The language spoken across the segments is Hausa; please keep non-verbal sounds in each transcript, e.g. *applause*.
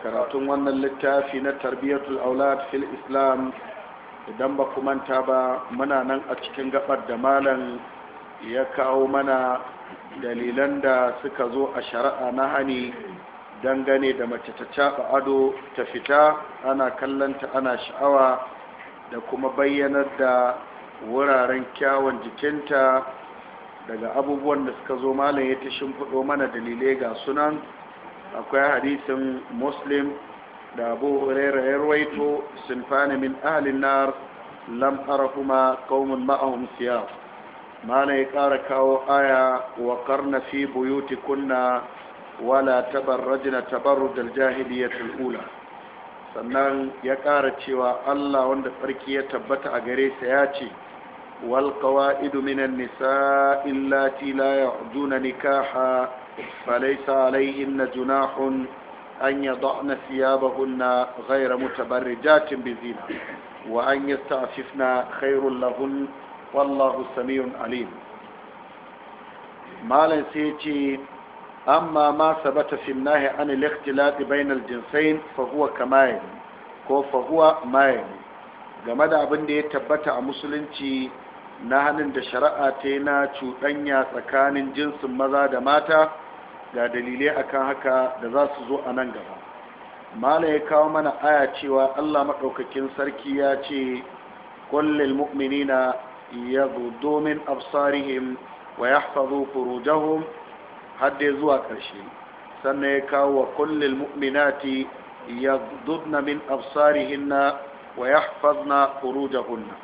karatun wannan littafi na tarbiyyatul aulad fil islam idan ba ku manta ba muna nan a cikin gabar da malam ya kawo mana dalilan da suka zo a shari'a na hani dangane da mace ta caɓa ado ta fita ana kallanta ana sha'awa da kuma bayyanar da wuraren kyawun jikinta daga abubuwan da suka zo malam ya ta shimfiɗo mana dalilai ga sunan akwai hadisin muslim da abu huraira ya ruwaito sinfani min ahlin nar lam arahuma qaumun ma'ahum siyar mana ya ƙara kawo aya wa karna fi buyuti kunna wala tabarrajna tabarrujal jahiliyatul ula sannan ya ƙara cewa Allah wanda farki ya tabbata a gare sa ya ce wal qawaidu minan nisa illati la ya'duna nikaha فليس عليهن جناح أن يضعن ثيابهن غير متبرجات بزينة وأن يستعففن خير لهن والله سميع عليم مالا سيتي أما ما ثبت في النهي عن الاختلاط بين الجنسين فهو كما يلي ko fahuwa mayani game da abin da ya tabbata a musulunci na hannun da shari'a ta na cuɗanya tsakanin jinsin maza da mata ga dalilai akan haka da za su zo a nan gaba mala ya kawo mana aya cewa allah maɗaukakin sarki ya ce kullil mu'minina ya gudu min absarihim wa ya hafazu furujahum zuwa ƙarshe sannan ya kawo wa kullil mu'minati ya dudna min absarihinna wa ya hafazna furujahunna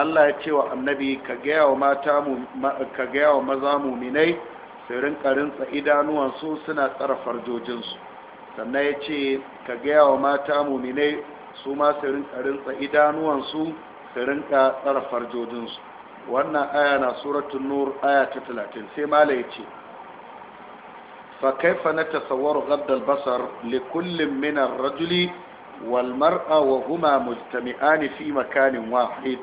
allah ya ce wa annabi ka gaya wa maza minai. sai rinkarinsa idanuwansu suna tsara farjojinsu sannan ya ce ka gaya wa mata mumine su ma sai rinkarinsa idanuwansu sai rinka tsara farjojinsu wannan aya na suratun nur aya ta talatin sai mala ya ce fa kaifa na tasawwaru gaddal basar li rajuli wal mar'a wa huma mujtami'ani fi makanin wahid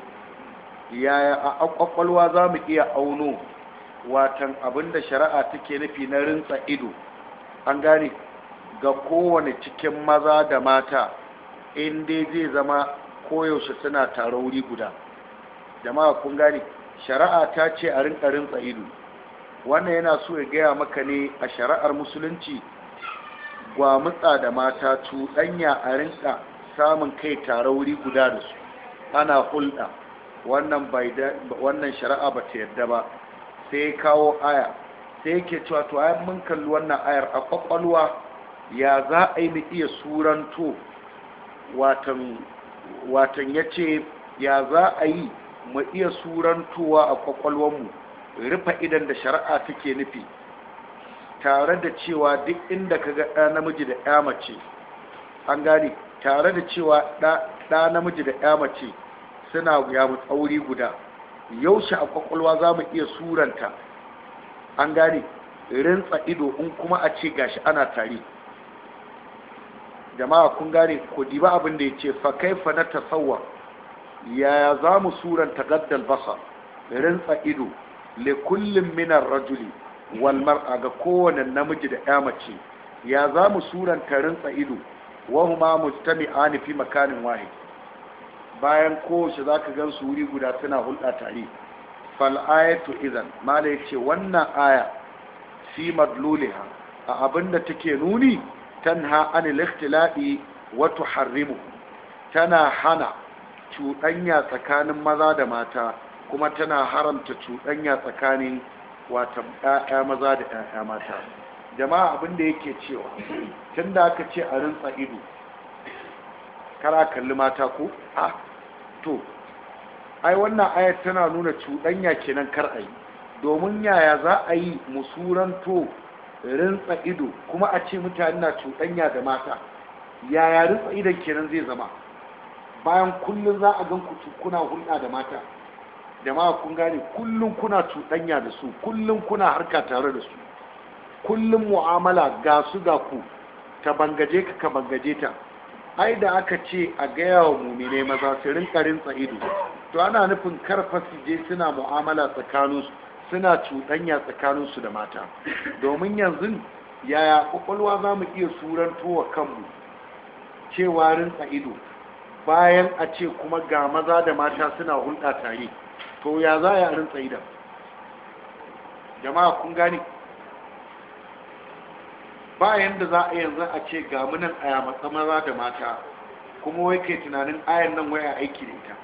yaya a akwakwalwa za mu iya auno watan abinda shari'a take nufi na rintsa ido an gane ga kowane cikin maza da mata in dai zai zama koyaushe suna tare wuri guda jama'a kun gane shari'a ta ce a rinka rintsa ido wannan yana so ya gaya maka ne a shari'ar musulunci gwamutsa da mata cuɗanya a rinka samun kai tare wuri guda da su ana hulɗa wannan shari'a ba ta yarda ba sai kawo aya sai yake cewa to ayan mun kalli wannan ayar a kwakwalwa ya za a yi mu iya suranto watan ya ce ya za a yi mu iya surantowa a kwakwalwanmu rufa idan da shari'a take nufi tare da cewa duk inda ka ga ɗa namiji da ya mace an gane tare da cewa ɗa namiji da ya mace suna ya auri guda yaushe a kwakwalwa za mu iya suranta an gane rintsa ido in kuma a ce gashi ana tare jama'a kun gane ku diba abin da ya ce fa kaifa na tasawwa yaya za mu suranta gaddal basa rintsa ido le kullum minar rajuli wal mar'a ga kowane namiji da ya mace ya za mu suranta rintsa ido wa huma mujtami'ani fi makanin wahid bayan kowace za ka gan su wuri guda suna hulɗa tare fal'ayatu izan mala ya ce wannan aya fi madluliha a abin da take nuni tanha an ikhtila'i wato tana hana cuɗanya tsakanin maza da mata kuma tana haramta cuɗanya tsakanin wata ƴaƴa maza da ƴaƴa mata jama'a abin da yake cewa tun da aka ce a rintsa ido kara kalli mata ko a to ai wannan ayat tana nuna cuɗanya kenan kar a yi domin yaya za a yi musuranto rintsa ido kuma a ce mutane na cuɗanya da mata yaya rintsa idon kenan zai zama bayan kullum za a gan ku kuna hulɗa da mata Da ma kun gane kullum kuna cuɗanya da su kullum kuna harka tare da su kullum mu'amala ga su ga ku ta bangaje ka ka bangaje ta ai da aka ce a gaya wa mumine maza su rinka rinsa ido to ana nufin karfa su je suna mu'amala tsakaninsu suna cuɗanya tsakaninsu da mata domin yanzu yaya kwakwalwa za mu iya suranto wa kanmu cewa rinsa ido bayan a ce kuma ga maza da mata suna hulɗa tare to ya za a rinsa idan jama'a kun gane ba yadda za a yanzu a ce ga munan aya maza da mata kuma wai kai tunanin ayan nan waya aiki da ita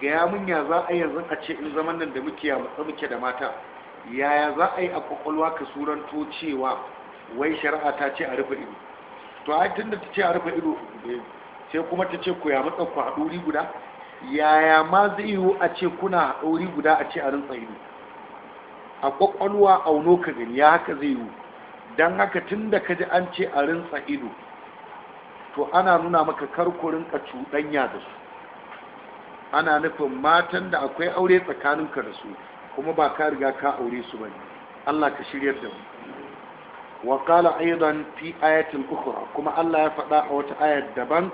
ga ya munya za a yanzu a ce in zaman nan da muke ya matsa muke da mata yaya za a yi a kwakwalwa ka suranto cewa wai shari'a ta ce a rufe ido to ai tunda ta ce a rufe ido sai kuma ta ce ku ya matsa ku haɗuri guda yaya ma zai yiwu a ce kuna haɗuri guda a ce a rinsa ido a kwakwalwa auno ka gani ya haka zai yiwu don haka tun da ka ji an ce a rinsa ido to ana nuna maka karkurin ka cuɗanya da su ana nufin matan da akwai aure tsakaninka da su kuma ba ka riga ka aure su bane Allah ka shiryar da mu wa qala aidan fi ayatin ukhra kuma Allah ya faɗa a wata aya daban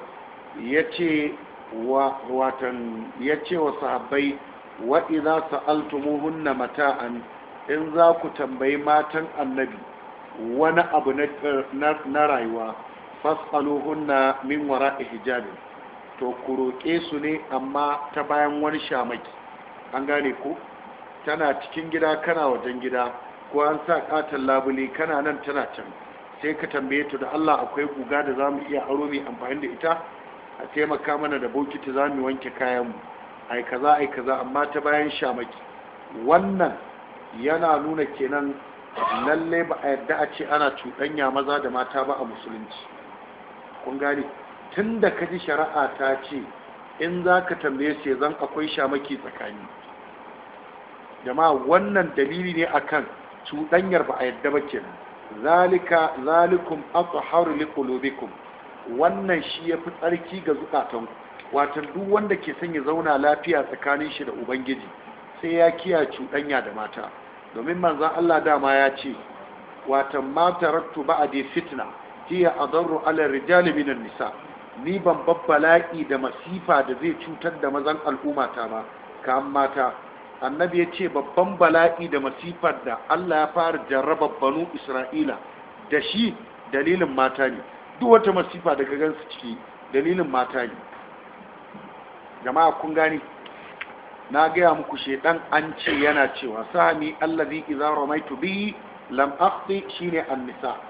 yace wa watan yace wa sahabbai wa idza sa'altumuhunna mata'an in za ku tambayi matan annabi wani abu na rayuwa fasaluhunna min wara hijabi to ku roƙe su ne amma ta bayan wani shamaki an gane ku tana cikin gida kana wajen gida ko an sa katon labule kana nan tana can sai ka tambaye ta da Allah akwai guga da za mu iya aro mai amfani da ita a taimaka mana da bokiti mu wanke kayan mu ai kaza ai kaza amma ta bayan shamaki wannan yana nuna kenan lalle ba a yadda a ce ana cuɗanya maza da mata ba a musulunci kun gane tun da ka ji shari'a ta ce in za ka tambaye su zan akwai shamaki tsakani jama'a wannan dalili ne akan cuɗanyar ba a yadda ba ke zalika zalikum hauri liqulubikum wannan shi ya fi tsarki ga zukatanku wato duk wanda ke son ya zauna lafiya tsakanin shi da ubangiji sai ya kiya cuɗanya da mata domin manzan Allah dama ya ce watan ma taraktu ba'adi fitna hiya adarru ala rijali minan nisa ni ban babbala'i da masifa da zai cutar da mazan al'ummata ba ba kan mata annabi ya ce babban bala'i da masifar da Allah ya fara jarraba banu Isra'ila da shi dalilin mata ne duk wata masifa da ka gansu ciki dalilin mata ne jama'a kun gani na gaya muku shedan an ce yana cewa sami allazi idza ramaitu bi lam akhti shine annisa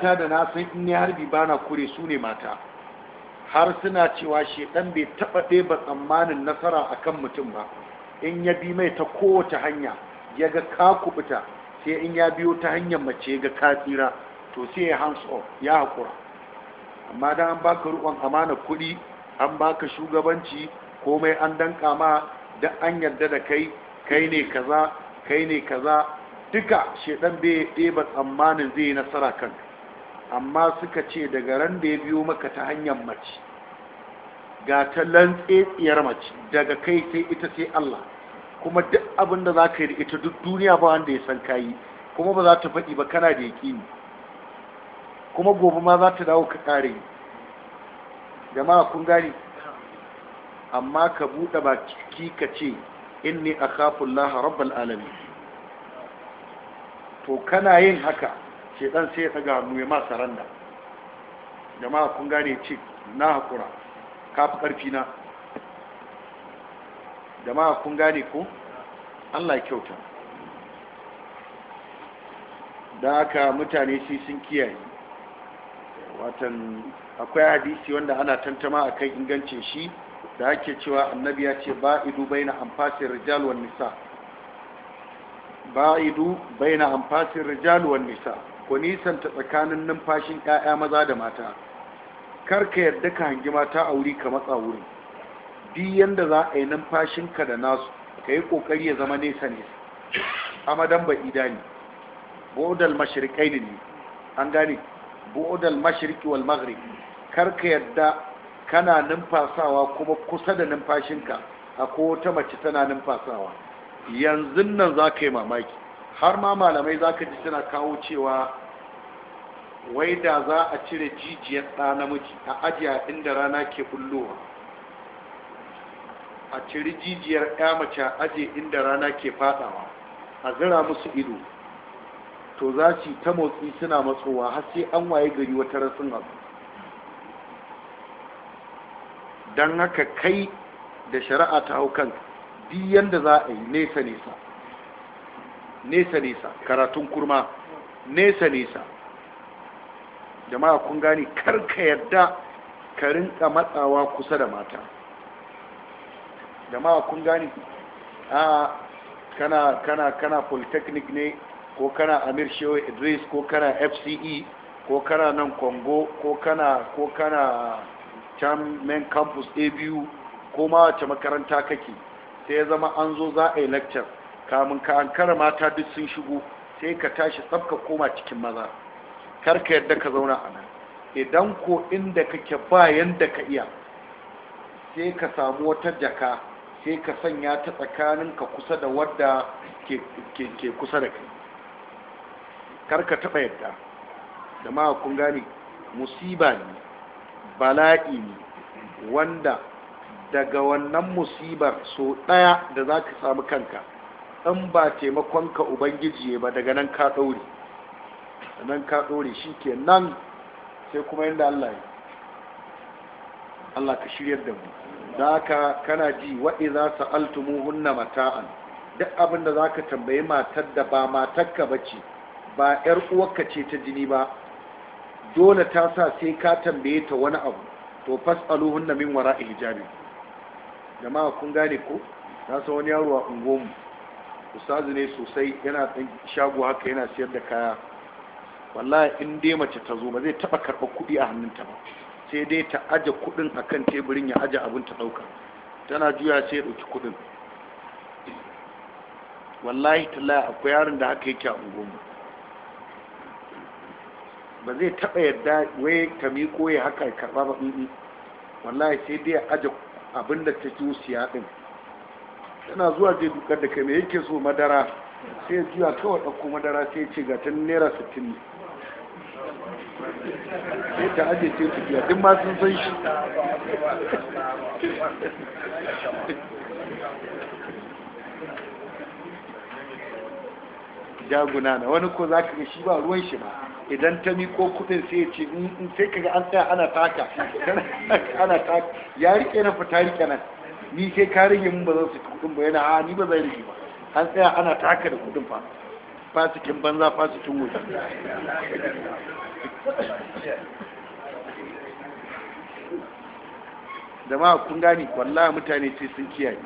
ta da na san in ya harbi bana kure su ne mata har suna cewa shedan bai taba ba tsammanin nasara akan mutum ba in ya bi mai ta kowace hanya ya ga ka kubuta sai in ya biyo ta hanyar mace ga ka tsira to sai ya hands off ya hakura amma dan an baka ruwan amana kuɗi an baka shugabanci komai an danka ma da an yarda da kai kai ne kaza kai ne kaza duka shedan bai ɗeba tsammanin zai yi nasara kan amma suka ce daga ran da ya biyo maka ta hanyar mace ga ta lantsetsiyar mace daga kai sai ita sai Allah kuma duk abin da za ka yi da ita duk duniya ba wanda ya san kayi kuma ba za ta faɗi ba kana da yaƙini kuma gobe ma za ta dawo ka ƙare jama'a kun gane amma ka buɗe baki ka ce inni akhafu Allah rabbal alamin to kana yin haka shedan sai ya daga hannu ya ma saranda jama'a kun gane ce na hakura ka fi karfi na jama'a kun gane ko Allah kyauta da aka mutane shi sun kiyaye watan akwai hadisi wanda ana tantama akan ingancin shi da ake cewa annabi ya ce ba'idu baina anfasir rijal wan nisa ba'idu baina anfasir rijal wan nisa nisan ta tsakanin numfashin ƴaƴa maza da mata kar ka yarda ka hangi mata a wuri ka matsa wuri duk yanda za a yi numfashin ka da nasu ka yi ƙoƙari ya zama nesa nesa amadan ba idani bodal mashriqaini ne an gane bodal mashriqi wal maghrib kar ka yarda kana numfasawa kuma kusa da numfashinka a wata mace tana numfasawa yanzu nan za ka yi mamaki har ma malamai za ka ji suna kawo cewa wai da za a cire jijiyar ɗa namiji a ajiya inda rana ke bullowa a ciri jijiyar ya mace a aje inda rana ke fadawa a zira musu ido to za su ta motsi suna matsowa har sai an waye gari wata rasin abu don haka kai da shari'a ta hau kanka duk da za a yi nesa nesa nesa nesa karatun kurma nesa nesa jama'a kun gani karka yadda ka rinka matsawa kusa da mata jama'a kun gani a kana kana kana polytechnic ne ko kana amir shehu idris ko kana fce ko kana nan congo ko kana ko kana can main campus a biyu ko ma wace makaranta kake sai ya zama an zo za a yi lecture kamun ka an kara mata duk sun shigo sai ka tashi tsabka koma cikin maza kar ka yadda ka zauna a nan idan ko inda kake ba yanda ka iya sai ka samu wata jaka sai ka sanya ta tsakanin ka kusa da wadda ke kusa da kai kar ka taɓa yadda da ma kun gane musiba ne bala'i wanda daga wannan musibar so ɗaya da za ka samu kanka in ba taimakonka ubangiji ba daga nan ka ɗaure nan ka ɗaure shi ke nan sai kuma yadda Allah yi. Allah ka shiryar da mu da aka kana ji wa'i za su altumuhunna mata'an duk abinda za ka tambayi matar da ba matarka ba ce ba 'yar uwarka ce ta jini ba dole ta sa sai ka tambaye ta wani abu to fas'aluhun na min wara hijabi jama'a kun gane ko na san wani yaro a ungomu ustazu ne sosai yana ɗan shago haka yana siyar da kaya wallahi in dai mace ta zo ba zai taba karba kuɗi a hannunta ba sai dai ta aje kuɗin akan teburin ya aje abin ta ɗauka tana juya sai ya ɗauki kuɗin wallahi tallahi akwai yaron da haka yake a unguwarmu. ba zai taɓa yadda wai ka miko ya haka ya karɓa ba ɗiɗi wallahi sai dai aje abin da ta wuce ɗin tana zuwa je dukar da kai mai yake so madara sai ya juya kawai ɗauko madara sai ya ce ga tun naira sittin ne sai ta aje ce biya duk ma sun san shi jaguna na wani ko za ka ga shi ba ruwan shi ba idan ta miko kudin sai ya ce in mm, mm, sai kaga an tsaya ana taka ana taka ya rike na fita rike nan ni sai ka rage mun ba zan su kudin ba yana a ah, ni ba zai rage ba an tsaya ana taka da kudin fa fasikin banza fasikin wuta jama'a kun gani wallahi mutane ce sun kiyaye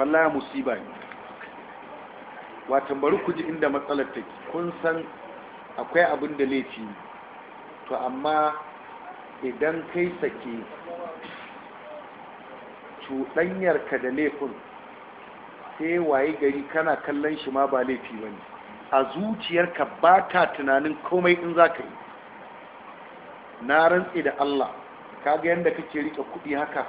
wallahi musiba ne wata bari ku ji inda matsalar take kun san akwai abin da laifi to amma idan kai sake cuɗanyarka da laifin sai waye gari kana kallon shi ma ba laifi ba ne a zuciyarka ba ta tunanin komai in za ka yi na rantse da allah ka ga yadda kake rike kuɗi haka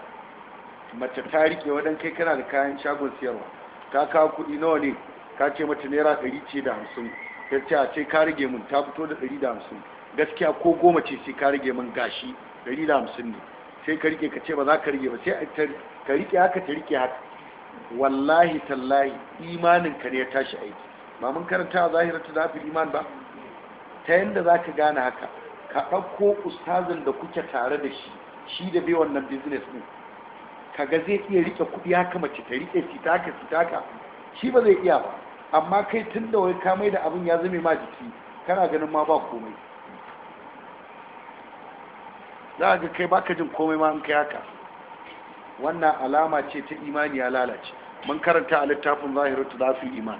mace ta rike wadan kai kana da kayan shagon siyarwa ka kawo kuɗi nawa ne ka ce mata naira ɗari ce da hamsin ta ce a ce ka rage mun ta fito da 150 gaskiya ko goma ce sai ka rage mun gashi 150 ne sai ka rike ka ce ba za ka rike ba sai ka rike haka ta rike haka wallahi tallahi imanin ka ne ya tashi aiki ba mun karanta a zahirar ta zafi iman ba ta yadda za ka gane haka ka ɗauko ustazin da kuke tare da shi shi da bai wannan business ka ga zai iya rike kuɗi haka mace ta rike sitaka sitaka shi ba zai iya ba amma kai tun da wai kamai da abin ya zame ma jiki kana ganin ma ba komai za a ga kai baka jin komai ma in kai haka wannan alama ce ta imani ya lalace mun karanta a littafin zahiru ta zafi iman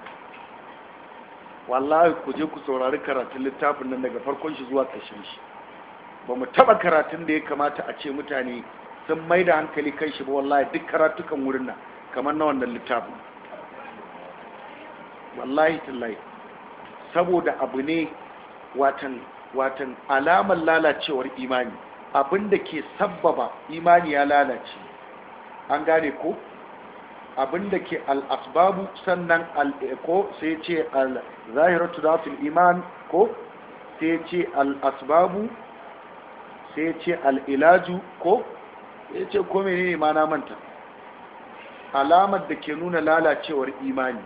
wallahi ku je ku saurari karatun littafin nan daga farkon shi zuwa ƙarshen shi ba mu taɓa karatun da ya kamata a ce mutane sun mai da hankali kan shi ba wallahi duk karatukan wurin nan kamar na wannan littafin wallahi tallahi saboda abu ne watan watan alamar lalacewar imani abinda ke sabbaba imani ya lalace an gane ko Abinda ke al'asbabu sannan al'eko sai ce al-zahiratu zatul iman ko sai ce al'asbabu sai ce al'ilaju ko sai ce kome ne ma na manta alamar da ke nuna lalacewar imani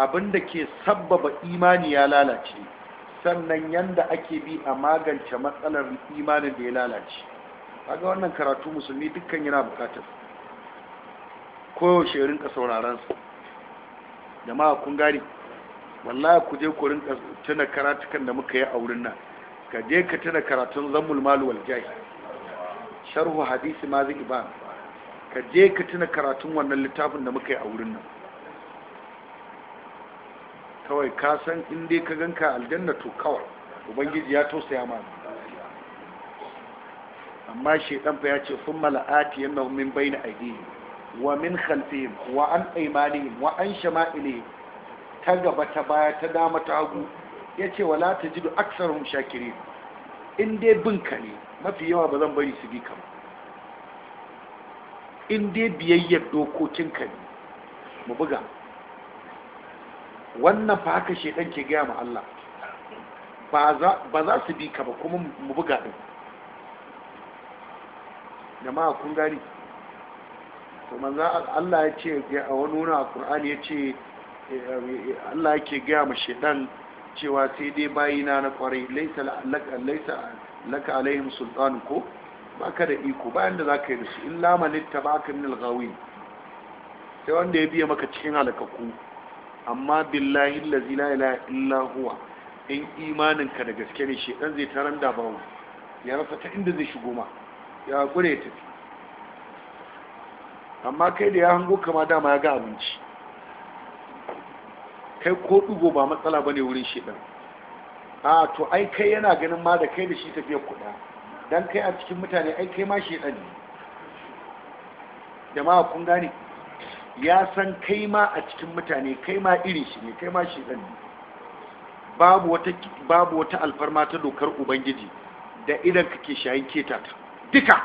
abin da ke sabbaba imani ya lalace sannan yanda ake bi a magance matsalar imanin da ya lalace kaga wannan karatu musulmi dukkan yana bukatar koyaushe rinka sauraren su jama'a kun gari wallahi ku je ku rinka tuna karatukan da muka yi a wurin nan ka je ka tuna karatun zammul malu wal jahi sharhu hadisi mazi iban ka je ka tuna karatun wannan littafin da muka yi a wurin nan kawai ka san in dai ka ganka aljanna to kawai ubangiji ya tausaya ma amma shaitan fa ya ce sun mala'ati yannahum min bayni aydihim wa min khalfihim wa an aymanihim wa an shama'ili ta gaba ta baya ta dama ta hagu yace wala ta tajidu aktsaruhum shakirin in dai bin ka ne mafi yawa ba zan bari su bi ka in dai biyayyar dokokin ka ne mu buga wannan fa haka shedan ke gaya ma Allah ba za su bi ka ba kuma mu buga din jama'a kun gani to manzo Allah ya ce a wani wurin a ƙur'ani ya ce Allah yake gaya ma shedan cewa sai dai bayina na kwarai laisa laisa laka alaihim sultan ko baka da iko bayan da zaka yi da su illa man baka min al sai wanda ya biya maka cikin halakaku amma billahi allazi la ilaha illa huwa in imanin ka da gaske ne shi dan zai taran da bawo ya rasa ta inda zai shigo ma ya gure ta amma kai da ya hango kama dama ya ga abinci kai ko dugo ba matsala bane wurin shedan a to ai kai yana ganin ma da kai da shi tafiya kuɗa dan kai a cikin mutane ai kai ma shedan ne jama'a kun gane ya san kai ma a cikin mutane kai ma iri shi ne kai ma shi zan ne babu wata alfarma ta dokar ubangiji da idan kake shayin keta ta duka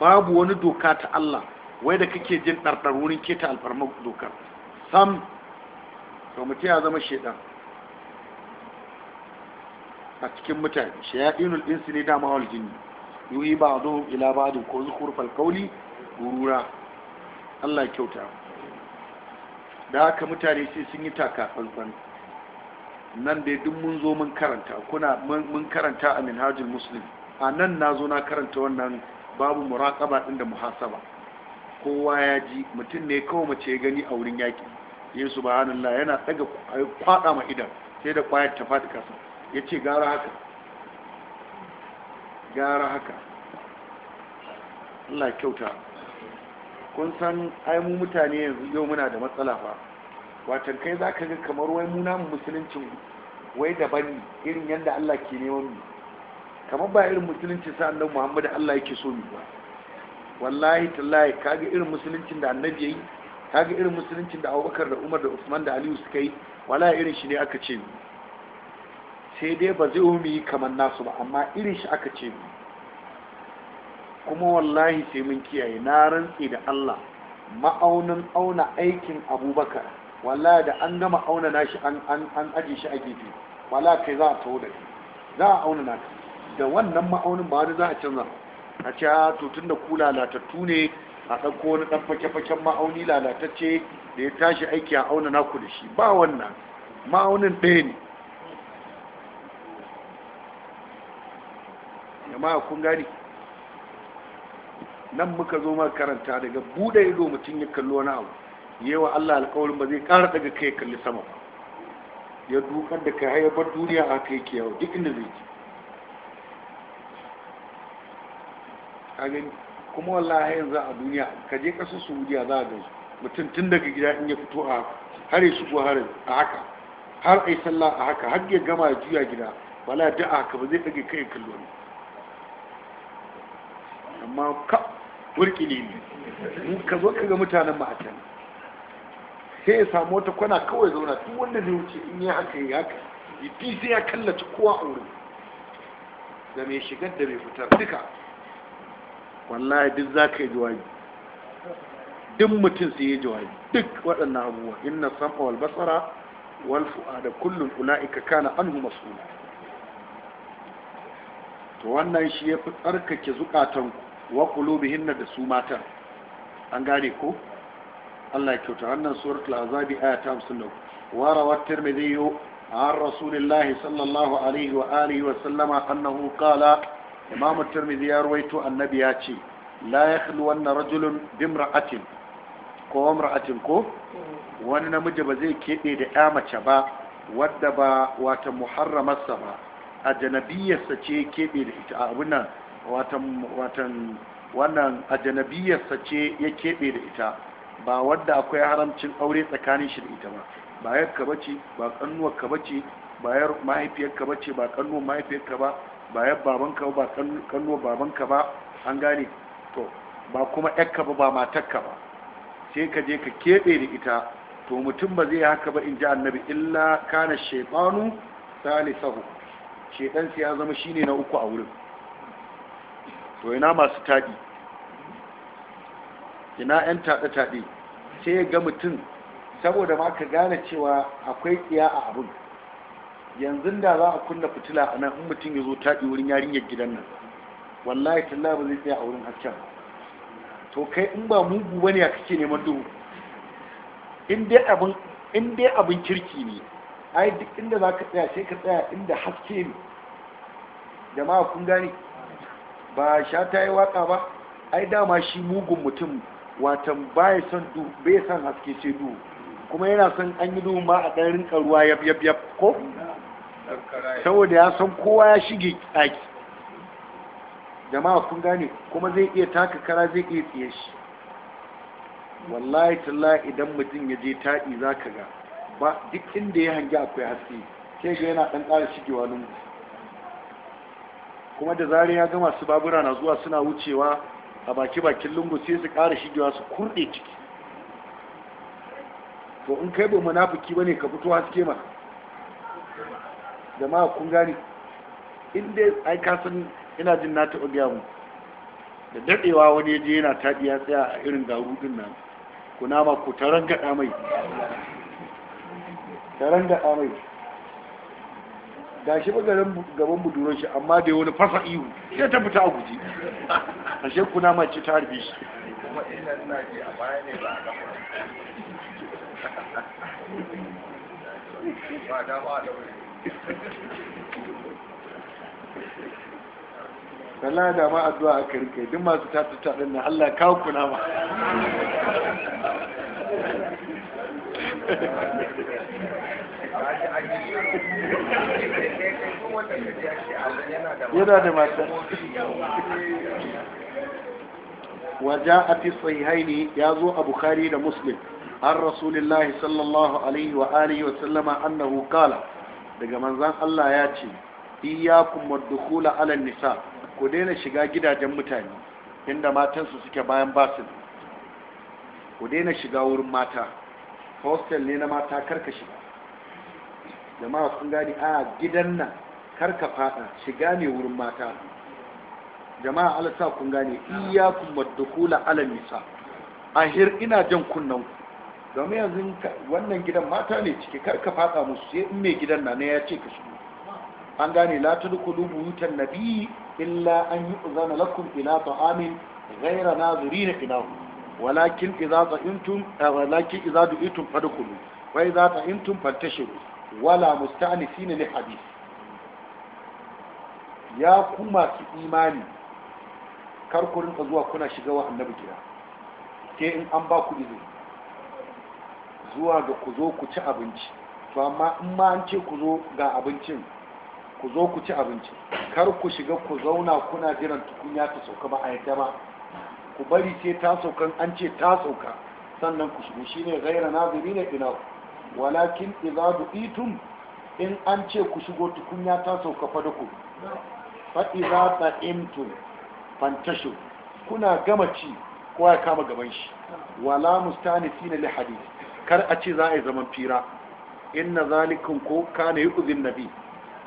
babu wani doka ta Allah wai da kake jin ɗarɗar wurin keta alfarma dokar sam to mutum ya zama shaidan a cikin mutane shayaɗinul insi ne dama wal jinni yuhi ba'dhum ila ba'd ko zukhur fal qawli gurura Allah kyauta da haka mutane sai sun yi taka tsantsan nan dai duk mun zo mun karanta kuna mun karanta a minhajin muslim a nan na zo na karanta wannan babu muraƙaba ɗin da muhasaba kowa ya ji mutum ne kawai mace ya gani a wurin yaƙi yin subhanallah yana tsaga kwaɗa ma idan sai da kwayar ta faɗi ƙasa ya ce gara haka gara haka Allah kyauta kun san ai mu mutane yanzu yau muna da matsala fa watan kai za ka ga kamar wai mu namu musuluncin wai daban ne irin yadda Allah ke neman mu kamar ba irin musuluncin sa annabi Muhammad Allah yake so mu ba wallahi tallahi kaga irin musuluncin da annabi yayi kaga irin musuluncin da Abubakar da Umar da Usman da Aliyu suka yi wala irin shi ne aka ce mu sai dai ba zai mu yi kamar nasu ba amma irin shi aka ce mu kuma wallahi sai mun kiyaye na rantsi da Allah ma'aunin auna aikin abubakar wallahi da an gama auna nashi an aji shi a gefe wallahi kai za a taho da shi za a auna naka da wannan ma'aunin ba wani za a canza a ce ah, to tun da ku lalatattu ne a ɗauko wani ɗan fake-faken ma'auni lalatacce da ya tashi aiki a auna naku da shi ba wannan ma'aunin ɗaya ne jama'a kun gani nan muka zo ma karanta daga buɗe ido mutum ya kalli wani abu yewa Allah alƙawarin ba zai ƙara daga kai ya kalli sama ba ya dukar da kai ya bar duniya a kai ke yau duk inda zai ji kuma wallahi yanzu a duniya ka je ƙasar Saudiya za a gansu mutum tun daga gida in ya fito a har su ko hare a haka har yi sallah a haka har ya gama ya juya gida wala da haka ba zai ɗage kai kallo ne amma burkini ne ka zo ka ga mutanen mu a sai ya samu wata kwana kawai zauna tun wanda zai wuce in yi haka ya haka yi sai ya kallaci kowa a wurin da mai shigar da mai fitar duka wallahi duk za ka yi jawabi duk mutum sai ya jawabi duk waɗannan abubuwa inna sam'a wal basara wal da kullum ula'ika kana anhu mas'ula to wannan shi ya fi tsarkake zukatanku wa qulubihinna da su matan an gane ko Allah ya kyauta wannan suratul azabi aya ta 53 wa rawat tirmidhi alaihi رسول الله صلى الله عليه وآله وسلم أنه قال إمام الترمذي يرويت النبي ياتي لا يخلون رجل بامرأة ko amra'atin ko wani namiji ba zai keɓe da ya mace ba wadda ba wata muharramarsa ba a janabiyarsa ce keɓe da ita a abin nan watan wannan ajanabiyarsa ce ya keɓe da ita ba wadda akwai haramcin aure tsakanin shi da ita ba ba yarka bace ba kannuwar ka ba yar mahaifiyar ka ba kannuwar mahaifiyar ka ba ba yar baban ka ba kannuwar baban ka ba an gane to ba kuma yar ka ba ba matarka ba sai ka je ka keɓe da ita to mutum ba zai haka ba in ji annabi illa kana shaytanu salisahu shaytan sai ya zama shine na uku a wurin to ina masu taɗi ina 'yan taɗe-taɗe sai ya ga mutum saboda ma ka gane cewa akwai ɗiya a abin yanzu da za a kunna fitila a nan mutum ya zo taɗi wurin yarinyar gidan nan wallahi talla ba zai tsaya a wurin hasken to kai in ba mugu bane a kake neman duhu in dai abin kirki ne ai duk inda za ka tsaya sai ka tsaya inda haske ne jama'a kun gane ba sha ta yi waka ba ai dama shi mugun mutum watan bai son bai son haske ce duhu kuma yana son an yi duhu ma a ɗan rinka ruwa yab yab yab ko saboda ya san kowa ya shige ɗaki jama'a kun gane kuma zai iya taka kara zai iya tsiye shi wallahi tallahi idan mutum ya je taɗi za ka ga ba duk inda ya hangi akwai haske sai ga yana ɗan ƙara shigewa lungu kuma da zarin ya gama su babura na zuwa suna wucewa a baki bakin lungu sai su ƙara shigewa su kurɗe ciki to in kai ba munafiki bane ka fito haske ma jama'a kun gani inda ai ka san ina jin na taɓa gaya mu da daɗewa wani je yana taɗi ya tsaya a irin garu ɗin nan kunama ku tarangaɗa mai tarangaɗa mai ga shi bagarin gaban buduron shi amma da wani fasa ihu sai ta fita a guji a shi kuna mace ta harbe shi Allah da ma addu'a a karkai, duk masu tasu ta din Allah kawo kuna ma yana da mata wajen a fi haini ya zo a bukari da muslim an rasulullahi sallallahu alaihi wa alihi wa sallama annahu kala daga manzan Allah ya ce iyakun maddukula alal nisa ku daina shiga gidajen mutane inda matansu suke bayan basin ku daina shiga wurin mata hostel ne na mata karka shiga jama'a sun gane a gidan nan kar ka fada shiga ne wurin mata jama'a alasa sa kun gane iyyakum wadkhula ala nisa ahir ina jan kunnan ku. domin yanzu wannan gidan mata ne ciki kar ka fada musu sai in mai gidan na ne ya ce ka shigo an gane la tadkhulu buyutan nabi illa an yu'zana lakum ila ta'amin ghayra nazirin ilahu ولكن إذا ضئنتم ولكن إذا دئتم فادخلوا وإذا طئنتم فانتشروا wala musta'nisina li hadith ya kuma su imani kar ku rinka zuwa kuna shiga wa annabi gida Ke in an ba ku izini zuwa ga ku zo ku ci abinci to amma in ma an ce ku zo ga abincin ku zo ku ci abinci kar ku shiga ku zauna kuna jiran tukunya ta sauka ba a yadda ba ku bari sai ta saukan an ce ta sauka sannan ku shigo shine gaira naziri ne ina walakin idza du'itum in an ce ku shigo tukunya ta sauka fa duku fa idza ta'imtum fantashu kuna gama ci ko ya kama gaban shi wala mustanisina li hadith kar a ce za a yi zaman fira inna zalikum ko kana yu'zin nabi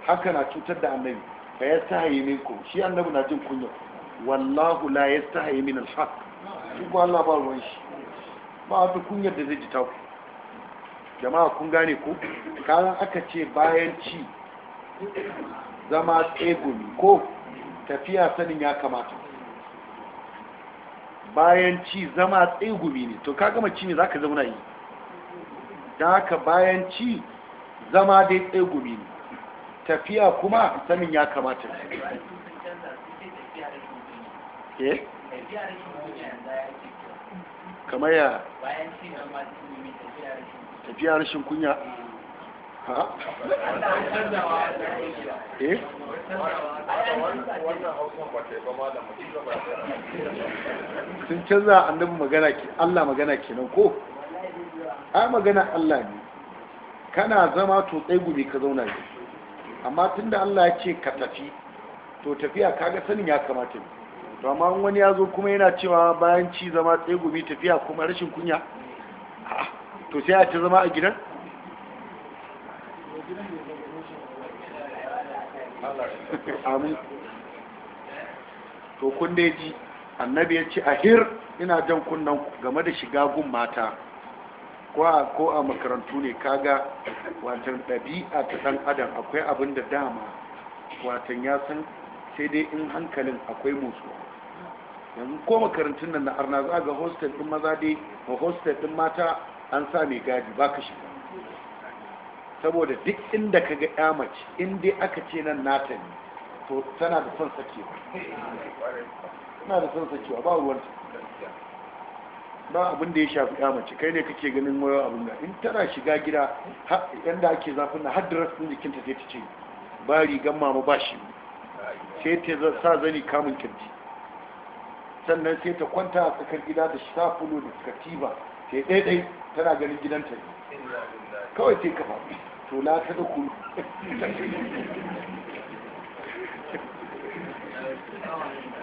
haka na cutar da annabi fa min ku shi annabi na jin kunya wallahu la yastahi min al-haq shi ko Allah ba ruwan shi ba ta kunyar da zai ji taku jama'a kun gane ku kayan aka ce bayan ci zama tsegumi ko tafiya sanin ya kamata bayan ci zama tsegumi ne to ka gama ci ne za ka zauna yi don haka bayan ci zama dai tsegumi ne tafiya kuma sanin ya kamata ne eh? kamar ya bayan ci zama tsegumi tafiya rikin tafiya rashin kunya ha? Eh? sun canza annabi magana ke Allah magana ke nan, ko ai magana Allah ne kana zama to tsaye gumi ka zauna ne amma tunda Allah ya ce ka tafi to tafiya kaga sanin ya kamata ne to amma wani ya zo kuma yana cewa bayan ci zama tsaye gumi tafiya kuma rashin kunya to sai a ci zama a gidan amin to kun ji annabi ya ce ahir ina jan kunnan game da shiga gun mata ko a makarantu ne kaga watan ɗabi'a ta ɗan adam akwai abin da dama watan ya san sai dai in hankalin akwai musu yanzu ko makarantun nan na arna za ga hostel ɗin maza dai a hostel ɗin mata an sa mai gadi ba ka shiga saboda duk inda ka ga mace inda aka ce nan nata ne to tana da son sakewa tana da son sakewa ba ruwanta ba abin da ya shafi mace kai ne kake ganin wayo abin da in tana shiga gida yadda ake zafin na har da jikinta sai ta ce ba rigan mama ba shi sai ta sa zani kamun kirji sannan sai ta kwanta a tsakar gida da shafulo da katiba sai ɗai tana ganin gidanta ne kawai sai kafa to la ta da kulu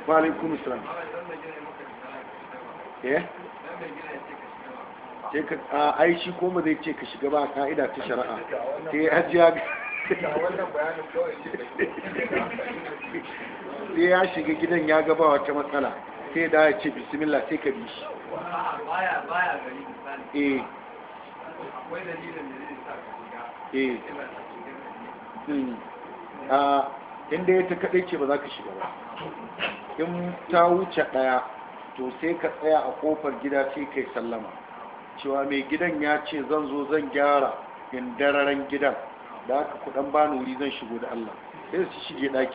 ba alaikun eh sai ai shi ko ma zai ce ka shiga ba ka'ida ta shari'a sai hajiya sai ya shiga gidan ya gaba wata matsala sai da ya ce bismillah sai ka bi shi eh a ya ta kaɗai ce ba za ka shiga ba in ta wuce ɗaya to sai ka tsaya a ƙofar gida sai kai sallama cewa mai gidan ya ce zan zo zan gyara in dararen gidan da aka kudan bani wuri zan shigo da Allah sai su shige ɗaki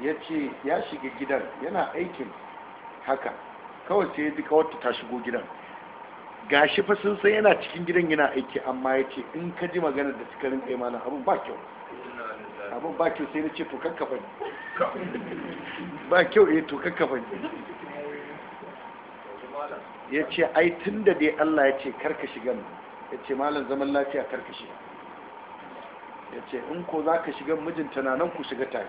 ya ce ya shiga gidan yana aikin haka kawai sai ji kawarta ta shigo gidan gashi fa sun san yana cikin gidan yana aiki amma ya ce in ka ji magana da suka rinka imanin abin ba kyau abin ba kyau sai na ce to kakka ne ba kyau eh to kakka ne ya ce ai tun da dai Allah ya ce karka shiga nan ya ce malam zaman lafiya karka shiga ya ce in ko za ka shiga mijinta na nan ku shiga tare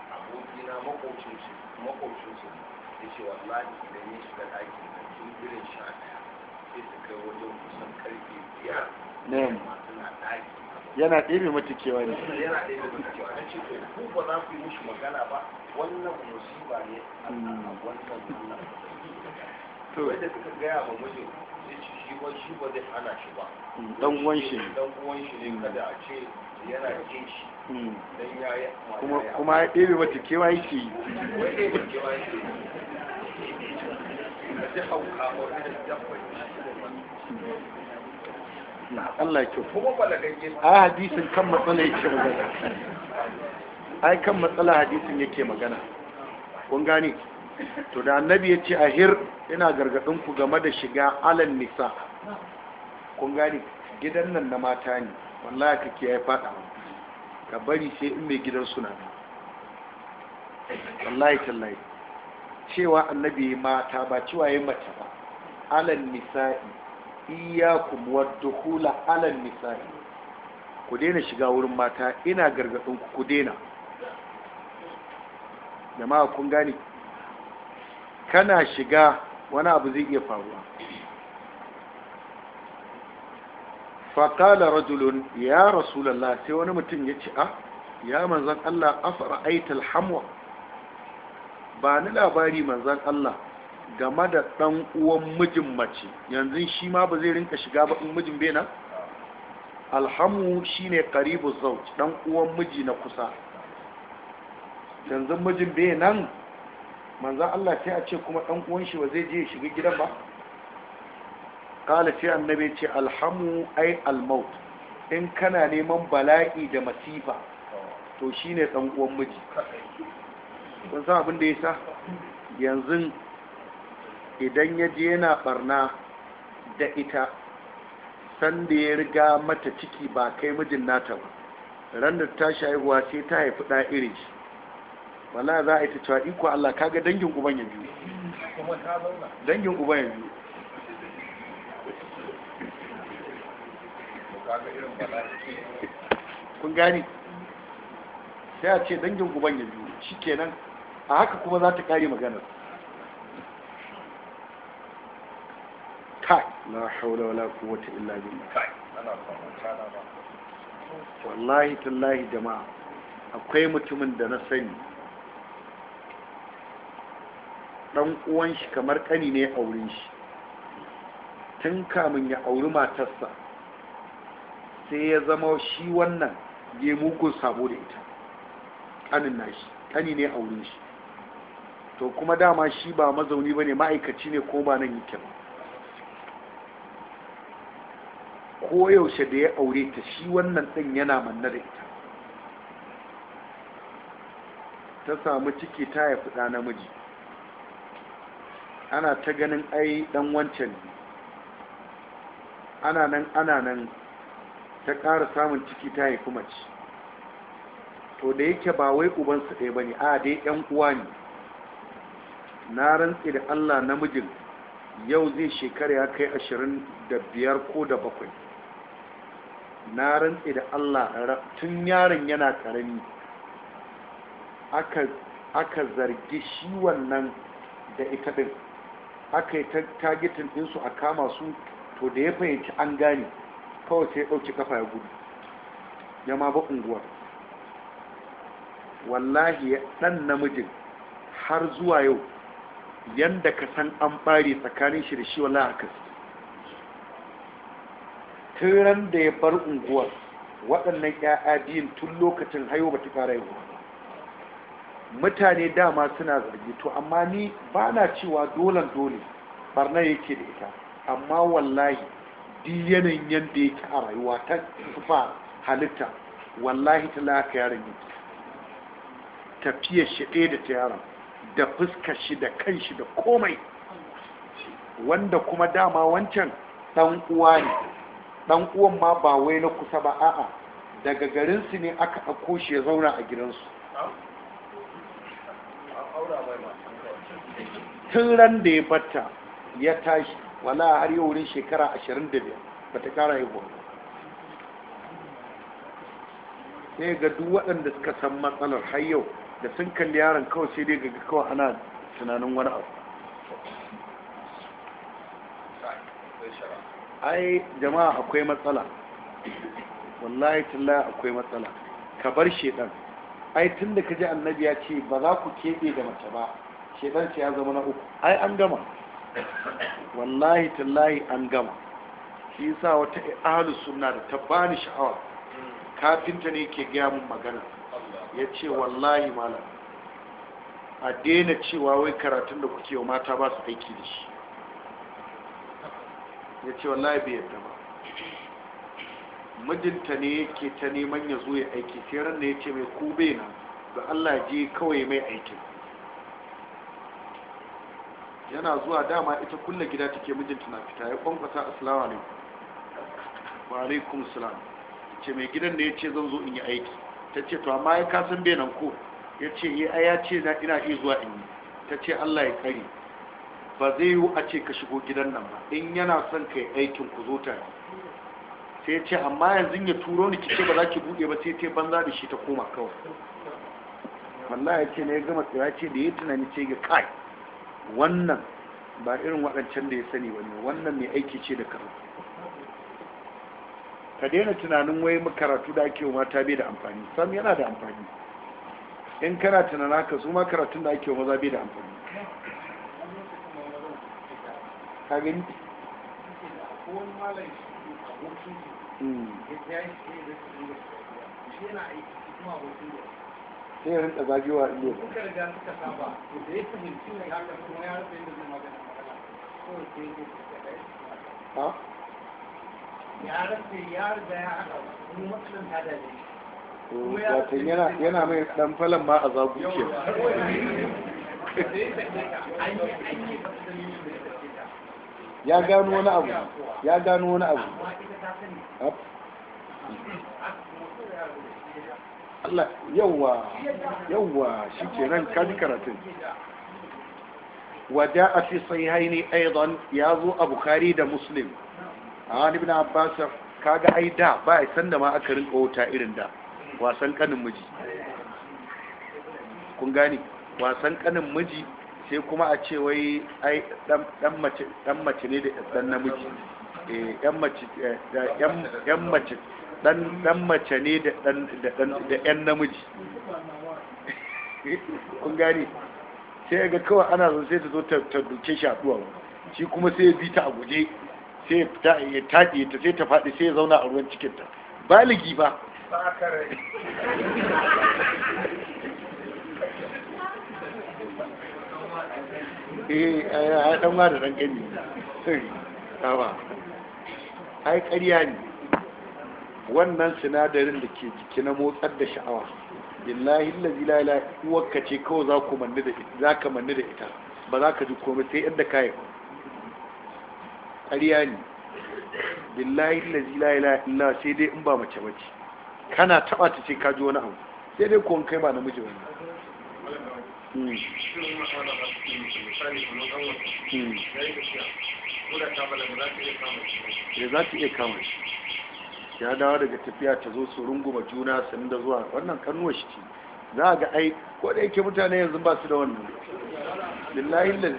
abokina makocinsu makocinsu ya ce wallahi idan ya shiga ɗakin da cikin irin sha ɗaya sai su kai wajen kusan karfe biyar na ɗaki yana ɗebe mata ne yana ɗebe matukewa. ne ce to ba za ku yi mishi magana ba wannan musiba ne a hmm. wannan nuna to wanda suka gaya ma mijin sai shi ba shi ba zai hana shi ba hmm. dan uwan shi dan uwan shi ne kada a ce Hmm. kuma ya ɗebe mata kewa yake yi na Allah kyau a hadisin kan matsala yake magana ai kan matsala hadisin yake magana kun gane to da annabi ya ce a ahir ina gargadin ku game da shiga alan nisa kun gane gidan nan na mata ne wallahi ka kiyaye fada ka bari sai in mai gidan suna wallahi tallahi cewa annabi mata ba cewa ya mace ba alal nisa'i iyyakum wadkhula alal nisa'i ku daina shiga wurin mata ina gargadin ku ku daina jama'a kun gane kana shiga wani abu zai iya faruwa faƙala rajulun ya rasulallah sai wani mutum ya ce a ya manzan Allah afara aital hamwa ba ni labari manzan Allah game da ɗan uwan mijin mace yanzu shi ma ba zai rinka shiga ba in mijin bena alhamu shi ne karibu zau ɗan uwan miji na kusa yanzu mijin benan manzan Allah sai a ce kuma ɗan uwan shi ba zai je shiga gidan ba kala ce annabi ce alhamu ai almaut in kana neman bala'i da masifa to shine dan uwan miji kun san abin da ya sa yanzu idan ya je yana ɓarna da ita sanda ya riga mata ciki ba kai mijin nata ba ran da ta haihuwa sai ta haifi ɗa irin shi wala za a yi ta cewa iko Allah kaga dangin uban yanzu dangin uban kun gane sai a ce dangin guban ya biyu shi kenan a haka kuma za ta kare maganar kai na haula wala wata illa billah kai wallahi tallahi jama'a akwai mutumin da na sani dan uwan shi kamar kani ne a wurin shi tun kamun ya auri matarsa sai ya zama shi wannan ya mugun sabo da ita kanin nashi kani ne a wurin shi to kuma dama shi ba mazauni ba ne ma'aikaci ne ko ba nan yake ba ko yaushe da ya aure ta shi wannan ɗin yana manna da ita ta samu ciki ta ya ɗa namiji ana ta ganin ai dan wancan ana nan ana nan ta ƙara samun ciki ta kuma ci. to da yake ba wai ubansa, ɗaya ba ne a dai yan uwa ne na rantse da allah namijin yau zai shekara ya kai ashirin da biyar ko da bakwai na rantse da allah tun yaron yana ƙarami aka zargi shi wannan da ita ɗin aka yi tagitin ɗinsu a kama su to da ya fahimci an gane kawai sai ɗauki kafa ya gudu ya ma ba unguwar wallahi ya ɗan namijin har zuwa yau yanda ka san an ɓare tsakanin shi da shi wallahi kasu Turan da ya bar unguwar waɗannan 'ya'ya biyun tun lokacin hayo ba ta ƙara yi mutane dama suna zargi to amma ni ba na cewa dolan dole barna yake da ita amma wallahi duk yanayin yadda yake a rayuwa ta tufa halitta wallahi talaka yaron yake tafiyar shi ɗaya da ta yaron da fuskar shi da kan shi da komai wanda kuma dama wancan ɗan uwa ne ɗan uwan ma ba wai na kusa ba a'a daga garinsu ne aka ɗauko shi ya zauna a gidansu tun ran da ya batta ya tashi wala har yau wurin shekara 25 ta kara yi ba sai ga duk waɗanda suka san matsalar har yau da sun kalli yaron kawai sai dai ga kawai ana tunanin wani abu ai jama'a akwai matsala wallahi tilla akwai matsala ka bar shedan ai tun da ka ji annabi ya ce ba za ku keɓe da mace ba shedan ce ya zama na uku ai an gama wallahi tallahi an gama shi yasa wata ahlus sunna da ta bani sha'awa kafinta ne ke gaya mun magana ya ce wallahi malam a daina cewa wai karatun da kuke wa mata ba su aiki da shi ya ce wallahi bai yadda ba mijinta ne yake ta neman ya zo ya aiki sai ran da ya ce mai kube na da Allah je kawai mai aikin yana zuwa dama ita kulle gida take mijinta na fita ya kwankwasa assalamu alaikum wa alaikum salam ce mai gidan ne ya ce zan zo in yi aiki ta ce to amma ya kasan bai nan ko ya ce yi eh, a ya ce na ina iya zuwa in yi ta ce allah ya kare ba zai yiwu a ce ka shigo gidan nan ba in yana son ka yi aikin ku zo Ta sai ya ce amma yanzu ya turo ni kike ba za ki buɗe ba sai ta banza da shi ta koma kawai wallahi ya ce na ya gama tsira ce da ya tunani ce ga kai wannan ba irin waɗancan da ya sani ba ne wannan mai aiki ce da karatu ka daina tunanin wai karatu da ake mata bai da amfani sam yana da amfani in kana tunanin haka su ma karatun da ake maza bai da amfani ka gani hmm. yana sai ya rinka zagewa in ha? yana mai dan ma a ya gano wani abu ya gano wani abu Allah yawwa yawwa shikenan ka ji karatun وجاء في صحيحين ايضا a ابو da muslim a wani ابن عباس kaga ai da ba a san da ma aka rinka wuta irin da wasan kanin miji kun gane wasan kanin miji sai kuma a ce wai ai dan mace dan mace ne da dan namiji eh yan mace yan eh, mace dan mace ne da ɗan namiji kun gani sai ga kawai ana zo sai ta zo ta duke shi a duwawa shi kuma sai ya bi ta a guje sai ya fita ya taɗe ta sai ta faɗi sai ya zauna a ruwan cikinta baligi ba *laughs* eh a ɗan ma da ɗan ƙani ai ƙarya ne wannan sinadarin da ke jiki na motsar da sha'awa billahi lazi la ila uwarka ce kawai za ka manni da ita ba za ka ji komai sai yadda ka yi ƙarya ne billahi lazi la ila illa sai dai in ba mace mace kana taba ta ce ka ji wani abu sai dai kuwan kai ba namiji wani. ya hmm. hmm. za ta iya kama shi eh, ya dawo daga tafiya ta zo su runguma juna sanin da zuwa wannan kanuwa shi ce za a ga ai ko da yake mutane yanzu ba su da wannan lillahi lazi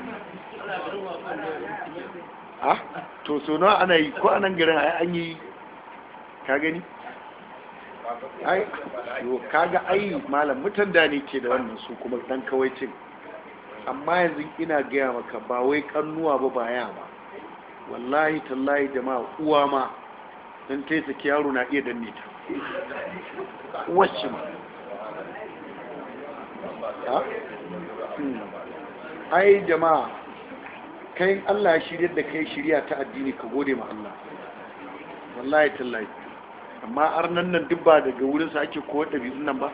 a to so nawa ana yi ko anan garin ai an yi ka gani ai yo kaga ai malam mutan da ne ke da wannan su kuma dan kawaitin amma yanzu ina gaya maka ba wai kannuwa ba ba ya ba wallahi tallahi jama'a uwa ma in ta yi saki yaro na iya danne ta wacce ma hmm. ai jama'a kai Allah ya shirya da kai shirya ta addini ka gode ma Allah wallahi tallahi amma arnan nan duk daga wurinsa sa ake koyar da nan ba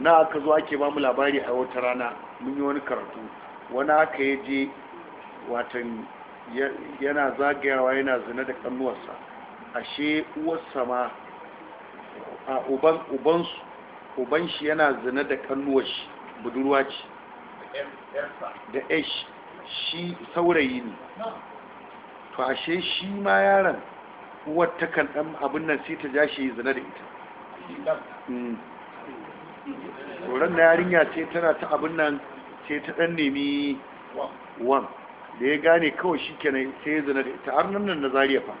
na aka zo ake ba mu labari a wata rana mun yi wani karatu wani aka yi je watan yana zagayawa yana zina da kannuwarsa ashe uwarsa ma a uban ubansu uban shi yana zina da kannuwar shi budurwa ce da esh shi saurayi ne to ashe shi ma yaron uwar ta kan dan abin nan sai ta ja shi zina da ita mm. tsoron na yarinya ce tana ta abin nan sai ta dan nemi wan da ya gane kawai shi kenan sai ya zina da ita har nan nan na zariya fa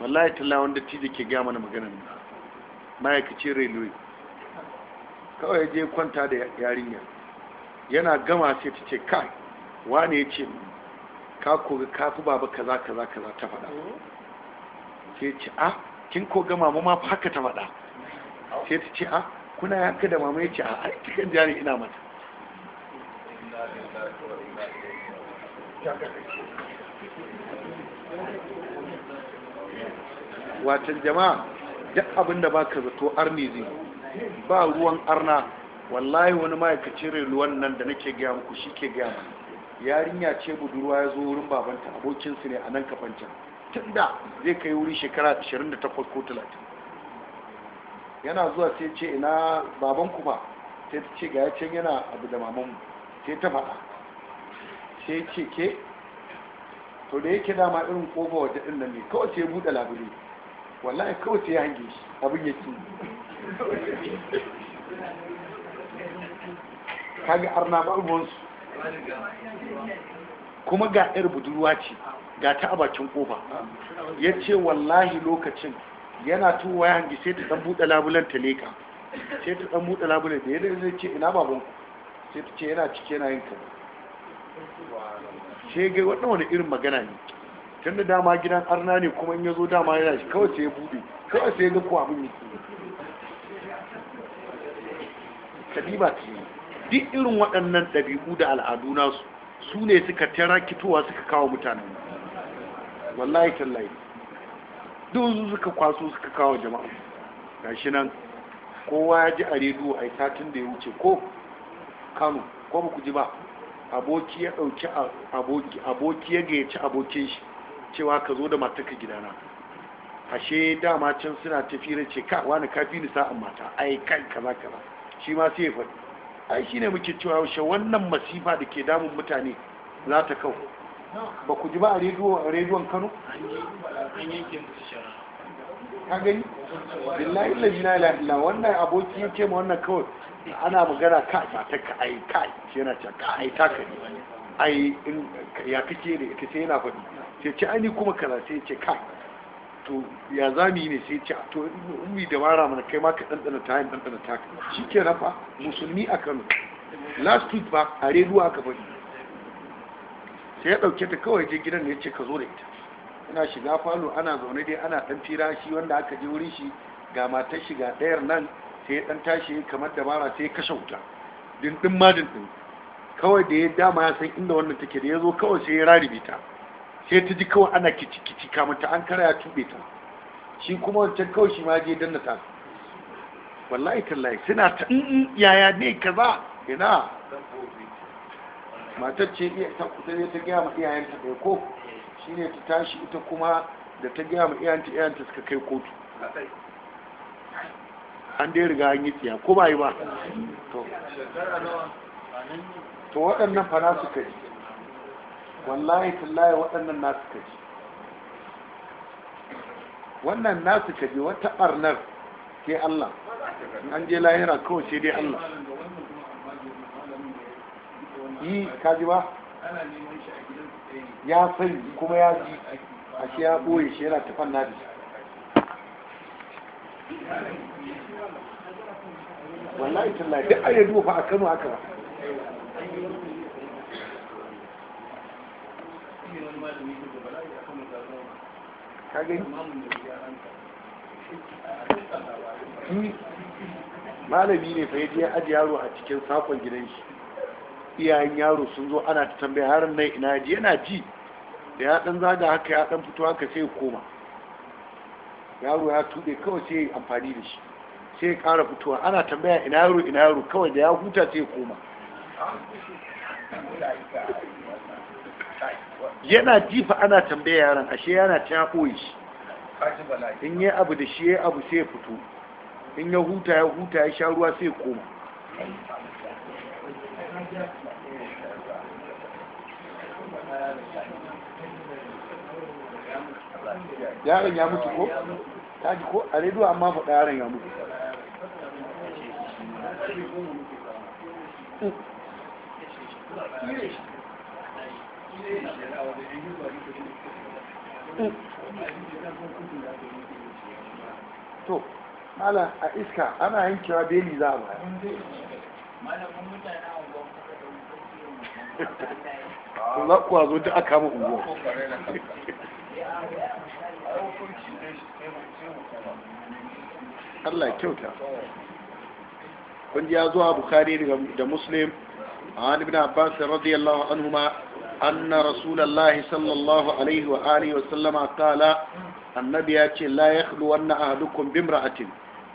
wallahi talla wanda tije ke gaya da maganar nan ma'aikacin railway kawai je kwanta da yarinya yana gama sai ta ce kai wani ya ce ka koga kafi baba kaza kaza kaza ta faɗa sai ce a ah, kin ko gama ma ma haka ta faɗa sai ta ce a ah, kuna yanka da mama ya ce a ah, ai cikin jari ina mata Thank you. watan jama'a duk abin da ka zato arni zai ba ruwan arna wallahi wani ma'aikacin reluwan nan da nake gaya muku shi ke gaya mana. yarinya ce budurwa ya zo wurin babanta abokinsu ne a nan kafancan tun da zai kai wuri shekara 28 ko 30 yana zuwa sai ce ina baban ku ba sai ta ce ga ya yana abu da mamanmu sai ta faɗa sai ce ke to da yake dama irin kofa wata ɗin nan ne kawai sai ya buɗe labule wallahi kawai sai ya hange shi abin ya ci kaga arna ba ruwansu kuma ga yar budurwa ce ga ta a bakin kofa ya ce wallahi lokacin yana tuwa ya hange sai ta ɗan buɗe labulen ta leka sai ta ɗan buɗe labulen da ya zai ce ina babanku sai ta ce yana cike yana yin kaza shi ga wannan wani irin magana ne tun da dama gidan arna ne kuma in ya zo dama yana shi kawai sai ya bude kawai sai ya ga kuwa abin yake kadiba ce duk irin waɗannan ɗabi'u da al'adu nasu su ne suka tara kitowa suka kawo mutane wallahi tallahi duk suka kwaso suka kawo jama'a gashi nan kowa ya ji a rediyo a satin da ya wuce ko kano ko ba ku ji ba aboki ya ɗauki aboki ya gayyaci abokin shi cewa ka zo da matarka gidana ashe dama can suna tafiyar ce ka wani kafi ni sa'an mata ai kai kaza kaza shi ma sai ya faɗi ai shi ne muke cewa yaushe wannan masifa da ke damun mutane za ta kawo ba ku ji ba a rediyon kano ka gani billahi ilaha illallah wannan aboki ya ma wannan kawai ana magana ka ta ta ka ai ka ce yana ta ka ai ta ka ne ai ya kake da ta sai yana faɗi sai ce ani kuma kaza sai ce ka to ya za mu yi ne sai ce to in da dabara mana kai ma ka ɗanɗana ta yin ɗanɗana ta ka shi ke rafa musulmi a kano last week ba a reduwa aka faɗi sai ya ɗauke ta kawai je gidan ne ya ce ka zo da ita ina shiga falo ana zaune dai ana dan tira shi wanda aka je wurin shi ga matar shiga ga ɗayar nan sai ya ɗan tashi kamar dabara sai ya kashe wuta dindin ma din. kawai da ya dama ya san inda wannan take da ya zo kawai sai ya rari ta sai ta ji kawai ana kici kici kamar ta an kara ya tube ta shi kuma wancan kawai shi ma je danna ta wallahi tallahi suna ta mm, mm, yaya ne ka za? ina matar ce iya ta kusa ne ta gaya ma iyayenta bai ko Shi ne ta tashi ita kuma da ta gaya ma iyayenta iyayenta suka kai kotu an dai riga an yi tiya ko ba yi ba to to waɗannan fa na suka ji wallahi tallahi waɗannan na suka ji wannan na suka ji wata ɓarnar ke Allah an je lahira kawai sai dai Allah yi kaji ba ya sani kuma ya ji a shi ya ɓoye shi yana tafan nadi da shi wallahi duk a fa a Kano haka ba malami ne fa yaje aji yaro a cikin sakon gidan shi iyayen yaro sun zo ana ta tambaya harin nan ina ji yana ji da ya dan zaga haka ya dan fito haka sai ya koma yaro ya tuɗe kawai sai amfani da shi sai kara ƙara fitowa ana tambaya ina yaro ina yaro kawai da ya huta sai ya koma yana jifa ana tambaya yaran ashe yana ta koyi shi in yi abu da shi ya abu sai ya fito in ya huta ya huta ya sha ruwa sai ya koma yaron ya mutu ko? ta ji ko a rediyo amma faɗa yaron ya mutu to mala a iska ana yankewa beli za a baya za kuwa zo da aka mu unguwa Allah kyauta kun ya zuwa bukhari da muslim an ibn abbas radiyallahu ma anna rasulallahi sallallahu alaihi wa alihi wa sallama qala annabi ya ce la wannan wanna ahadukum bimra'atin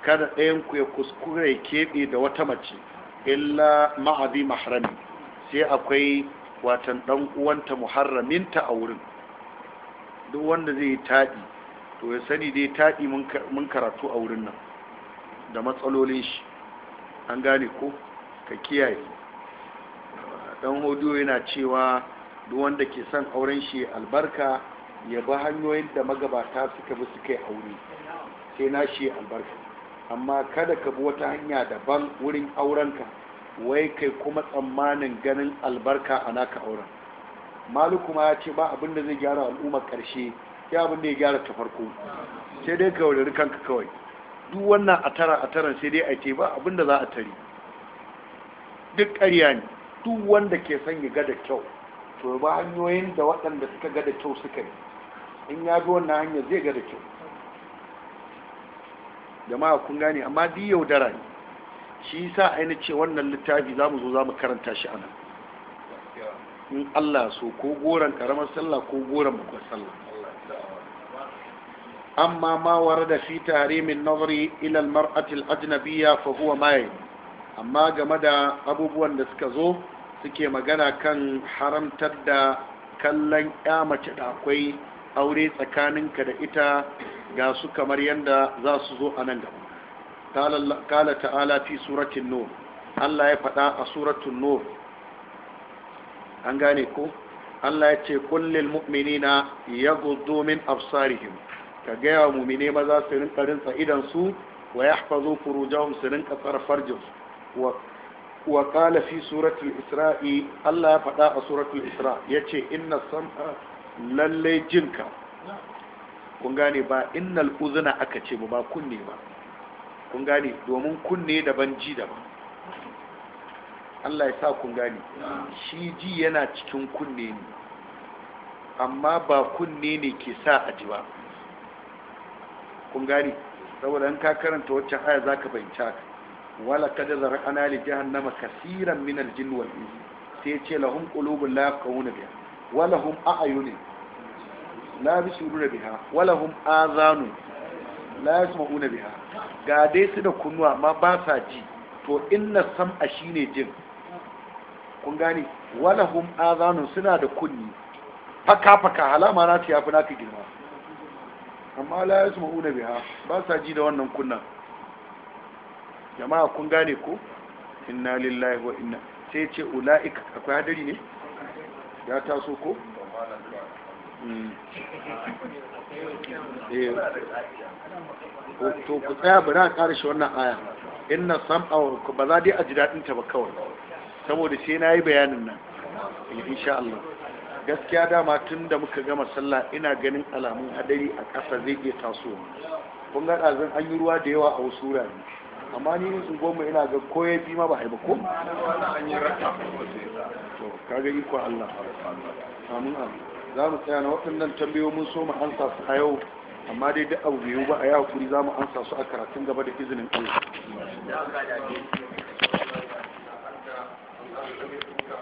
kada ɗayan ku ya kuskure keɓe da wata mace illa ma'abi mahrami sai akwai watan dan uwanta muharraminta a wurin duk wanda zai taɗi to ya sani dai taɗi mun karatu a wurin nan da matsalolin shi an gane ko ka kiyaye dan hodiyo yana cewa duk wanda ke son auren shi albarka ya bi hanyoyin da magabata suka bi suka yi aure sai na shi albarka amma kada ka bi wata hanya daban wurin aurenka wai kai kuma tsammanin ganin albarka a naka auren maluku ma ya ce ba abin da zai gyara al'ummar karshe sai abin da ya gyara ta farko sai dai ka wadari kanka kawai duk wannan a tara a taran sai dai a ce ba abinda za a tari duk ƙarya ne duk wanda ke son ya gada kyau to ba hanyoyin da waɗanda suka gada kyau suka yi in ya bi wannan hanya zai gada kyau jama'a kun gane amma duk yaudara ne shi sa aini ce wannan littafi za mu zo za mu karanta shi a nan in allah so ko goron karamar sallah ko goron makon sallah أما ما ورد في تحريم النظر إلى المرأة الأجنبية فهو ماي أما جمد أبو بوان دسكزو سكي مغانا كان حرم تدى كلن آمة تاقوي أوري تكانن كدئتا غاسو كمريان دا زاسو أننغا قال, قال تعالى في سورة النور الله يفتح سورة النور أنغانيكو Allah ya ce kullil mu'minina ya min absarihim ka gaya wa mumine maza su rinka rinsa idan su wa ya yahfazu jawon su rinka tsara farjin wa wa fi suratul isra'i Allah ya faɗa a suratul ce yace inna sam'a lalle jinka kun gane ba innal uzuna aka ce ba kunne ba kun gane domin kunne daban ji daban Allah ya sa kun gane shi ji yana cikin kunne ne amma ba kunne ne ke sa a ji ba kun gani saboda in ka karanta waccan aya za ka fahimci haka wala kada zara ana li jahannama kasiran min aljin wal insi sai ce lahum qulubun la yafqahuna biha wala hum a'yun la yusiruna biha wala hum azanu la yasma'una biha ga dai su da kunnuwa amma ba sa ji to inna sam'a shine jin kun gani wala hum azanu suna da kunni faka faka halama na ta yafi naka girma amma la ya suma biha ba sa ji da wannan kunna jama'a kun gane ko inna lillahi wa inna sai ce ula'ik akwai hadari ne ya taso ko hmm. eh. to ku tsaya bari a ƙara shi wannan aya inna sam'a ba za dai a ji daɗinta ba kawai saboda sai na yi bayanin nan insha Allah gaskiya dama tun da muka gama sallah ina ganin alamun hadari a ƙasa zai iya tasowa kun ga ɗazin an yi ruwa da yawa a wasu wurare amma ni yin goma ina ga ko ya ma ba a yi ba ko kaga ikon Allah amin amin za mu tsaya na waɗannan tambayoyi mun so mu ansa su a yau amma dai duk abu biyu ba a yi kuri za mu ansa su a karatun gaba da izinin Allah